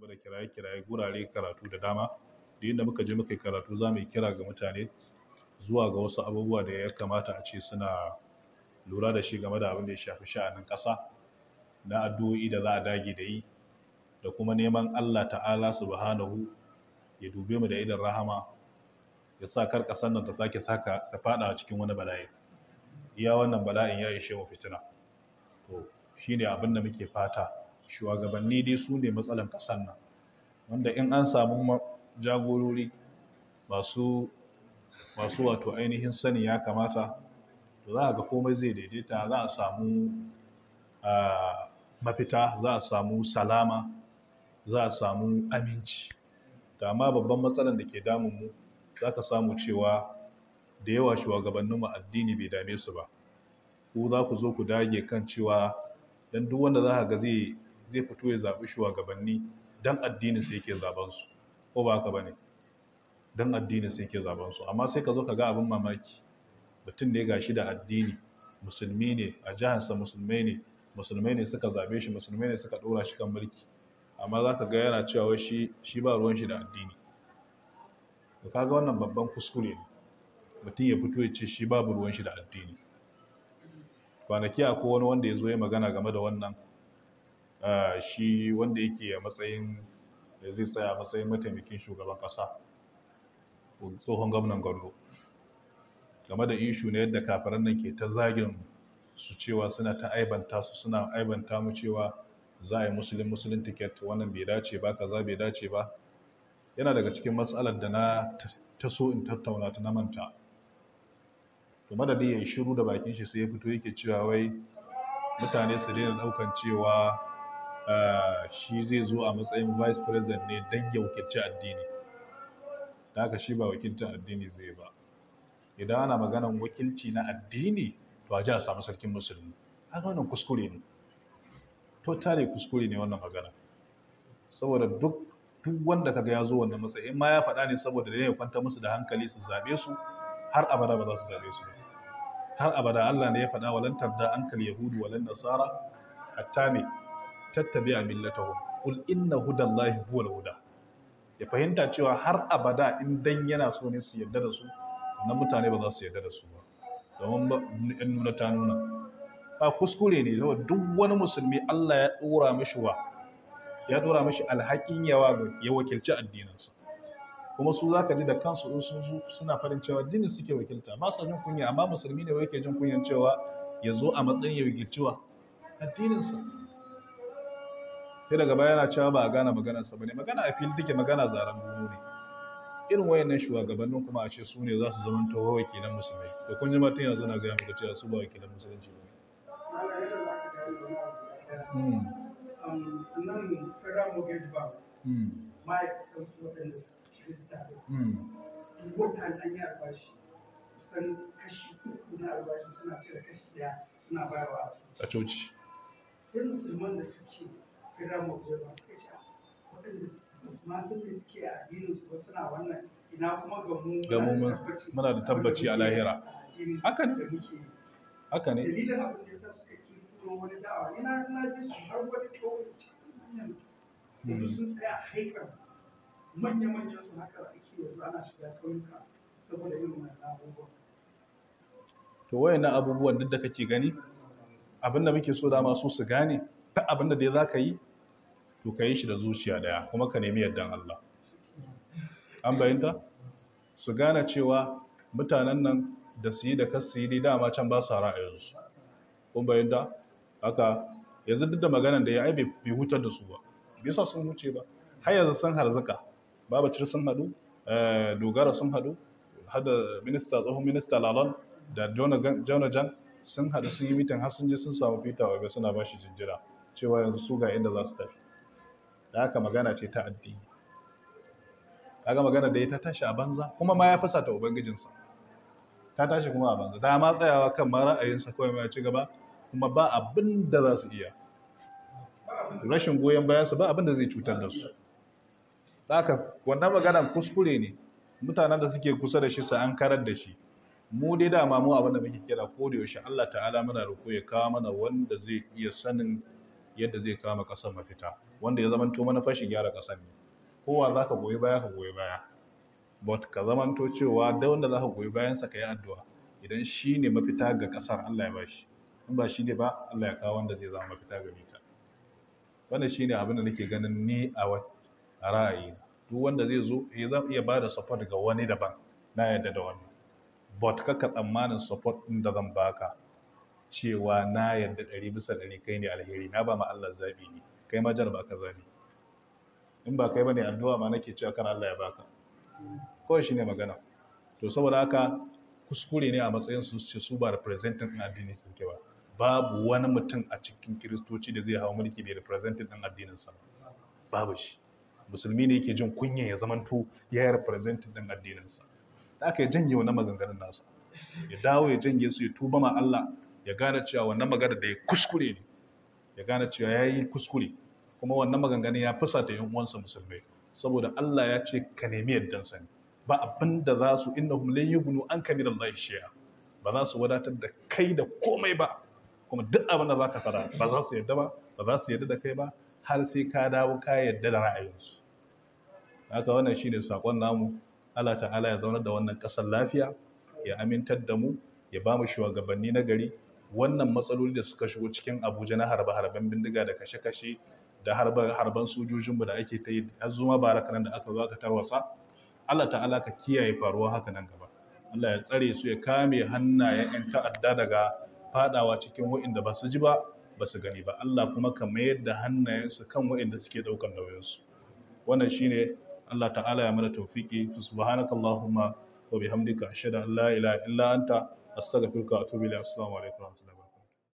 gaba da kiraye-kiraye gurare karatu da dama da yadda muka je muka yi karatu za mu yi kira ga mutane zuwa ga wasu abubuwa da ya kamata a ce suna lura da shi game da abin da ya shafi sha'anin ƙasa na addu'o'i da za a dage da yi da kuma neman Allah ta'ala subhanahu ya dube mu da idan rahama ya sa kar ƙasar nan ta sake saka ta fada cikin wani bala'i iya wannan bala'in ya ishe mu fitina to shine abin da muke fata shugabanni dai su ne matsalan ƙasar nan wanda in an samu jagorori masu wato ainihin sani ya kamata to za a ga komai zai daidaita za a samu mafita za a samu salama za a samu aminci da ma babban matsalan da ke damunmu za ka samu cewa da yawa mu addini bai dame su ba ku za ku zo ku dage kan cewa don duk wanda za ka ga zai zai fito ya zaɓi shugabanni dan addini sai yake zaben ko ba haka bane dan addini sai yake zaben amma sai ka zo ka ga abin mamaki mutum ne gashi da addini musulmi ne a jiharsa musulmai ne musulmai ne suka zabe shi musulmai ne suka ɗora shi kan mulki amma za ka ga yana cewa shi shi ba ruwan shi da addini da kaga wannan babban kuskure ne mutum ya fito ya ce shi babu ruwan shi da addini kwanaki akwai wani wanda ya zo ya magana game da wannan shi wanda yake a matsayin da zai tsaya matsayin mataimakin shugaban kasa tsohon gwamnan gwamnati game da ishu na yadda kafaran nan ke ta zagin su cewa suna ta aibanta su suna aibanta mu cewa za a yi musulun musulun tiket wannan bai dace ba kaza bai dace ba yana daga cikin matsalar da na ta so in tattauna ta na manta to madadi ya yi shiru da bakin shi sai ya fito yake cewa wai mutane su daina daukan cewa Eh, shi zai zo a matsayin vice president ne don ya wakilci addini da aka shi ba wakilcin addini zai ba idan ana maganan wakilci na addini to a ji a samu sarkin musulmi haka wannan kuskure ne ne kuskure ne wannan magana saboda duk wanda kaga ya zo wannan matsayin ma ya faɗa ne saboda da ya kwanta musu da hankali su zaɓe su har abada ba za su zaɓe su har abada Allah ne ya faɗa walantar da hankali, yahudu walan nasara hatta tattabi'a millatahum qul inna hudallahi huwal huda ya fahimta cewa har abada in dan yana so ne su yarda da su na mutane ba za su yarda da su ba domin in nuna ta nuna ba kuskure ne saboda duk wani musulmi Allah ya dora mishi wa ya dora mishi alhakin yawa ga ya wakilci addininsa kuma su zaka ji da kansu in sun suna farin cewa dinin suke wakilta ba su jin kunya amma musulmi ne wai ke jin kunyan cewa ya zo a matsayin ya wakilci wa addininsa sai daga baya yana cewa ba a gane maganarsa ba ne magana a fili take magana zaren bunu ne irin wayannan shugabannin kuma a ce su ne za su zama tawo wakilan musulmi da kun ji mutum yanzu na gaya muku cewa su ba wakilan musulunci ba hmm. Hmm. Hmm. a coci sai musulman da suke fira ba suka waɗanda ma sun suke a addinin su suna wannan ina kuma ga mu muna da tabbaci a lahira haka ne haka ne dalilin abin da yasa suka wani da'awa yana na ji su har wani hmm. sun tsaya haikar manya-manyan su haka ake yanzu ana shiga kauyuka saboda wannan abubuwan to wayannan abubuwan duk da kake gani abin da muke so dama so su gane ta abin da dai za ka yi to ka yi shi da zuciya daya kuma ka nemi yardan Allah an bayanta su gane cewa mutanen nan da su yi da kasu yi dama can ba su ra'ayinsu kun bayanta haka yanzu duk da maganan da ya ai bai hutar da su ba bisa sun huce ba har yanzu sun harzuka babacir sun hadu eh, dogara sun hadu minista tsohon minista lalon da jona jan sun hadu sun yi mitin har sun je sun samu peter wabe suna ba shi jinjira cewa yanzu su ga inda za su tafi da haka magana ce ta addini kaga magana da ita ta tashi a banza kuma ma ya fasa ta ubangijinsa ta tashi kuma a banza da ma tsayawa kan ma ra'ayinsa kuma ya ci gaba kuma ba abin da za su iya rashin goyon bayan su ba abin da zai cutar da su da haka wannan maganar kuskure ne mutanen da suke kusa da shi sa an karar da shi mu dai dama mu abin da muke kira ko da yaushe Allah ta'ala muna roƙo ya kawo mana wanda zai iya sanin yadda zai kama ƙasar mafita wanda ya zamanto mana shi gyara ƙasar ne kowa za ka goyi baya ka goyi baya but ka zamanto cewa da wanda za ka goyi bayansa ka yi addu'a idan shi ne mafita ga ƙasar Allah ya bashi in ba shi ne ba Allah ya kawo wanda zai zama mafita ga ta wannan shine abin da nake ganin ni a ra'ayi duk wanda zai zo ya eh, za iya ba da support ga wani daban na yadda da wani but kaka tsammanin support ɗin da zan baka cewa na yadda ɗari bisa ɗari kai ne alheri na ba ma Allah zaɓi ne kai ma jar ba ka zaɓi in ba kai ba ne addu'a ma nake cewa kan Allah ya baka kawai shi ne magana to saboda haka kuskure ne a matsayin su ce su ba representing ɗin addini sun ke ba babu wani mutum a cikin kiristoci da zai hau mulki da representing ɗin addininsa babu shi musulmi ne yake jin kunya ya zamanto ya yi representing ɗin addininsa da aka yi janye wani maganganun nasa ya dawo ya janye su ya tuba ma Allah ya gane cewa wannan magana da ya kuskure ne ya gane cewa ya yi kuskure kuma wannan maganganun ya ta yan uwansa musulmai saboda Allah ya ce ka nemi yaddan sani ba abin da za su innahum lan an anka min Allah shay'a ba za su wadatar da kai da komai ba kuma duk abin da ka fara ba za su yadda ba ba za su yadda da kai ba har sai ka dawo ka yadda da ra'ayinsu haka wannan shine sakon namu Allah ta'ala ya zaunar da wannan ƙasar lafiya ya amintar da mu ya ba mu shugabanni na gari wannan matsaloli da suka shigo cikin abuja na harbe-harben bindiga da kashe-kashe da harban sojojin da ake ta yi har zuma baraka nan da aka zo aka tarwasa allah ta'ala ka kiyaye faruwa haka nan gaba allah ya tsare su ya kame hannayen 'yan ta'adda daga fadawa cikin wa'inda ba su ji ba ba su gani ba allah kuma ka mayar da hannayensu kan wa'inda suke ɗaukan nauyinsu wannan shine allah ta'ala ya mana tawfiki subhanakallahumma wa bihamdika ashhadu an la ilaha illa anta astaghfiruka wa atubu ilayk assalamu alaikum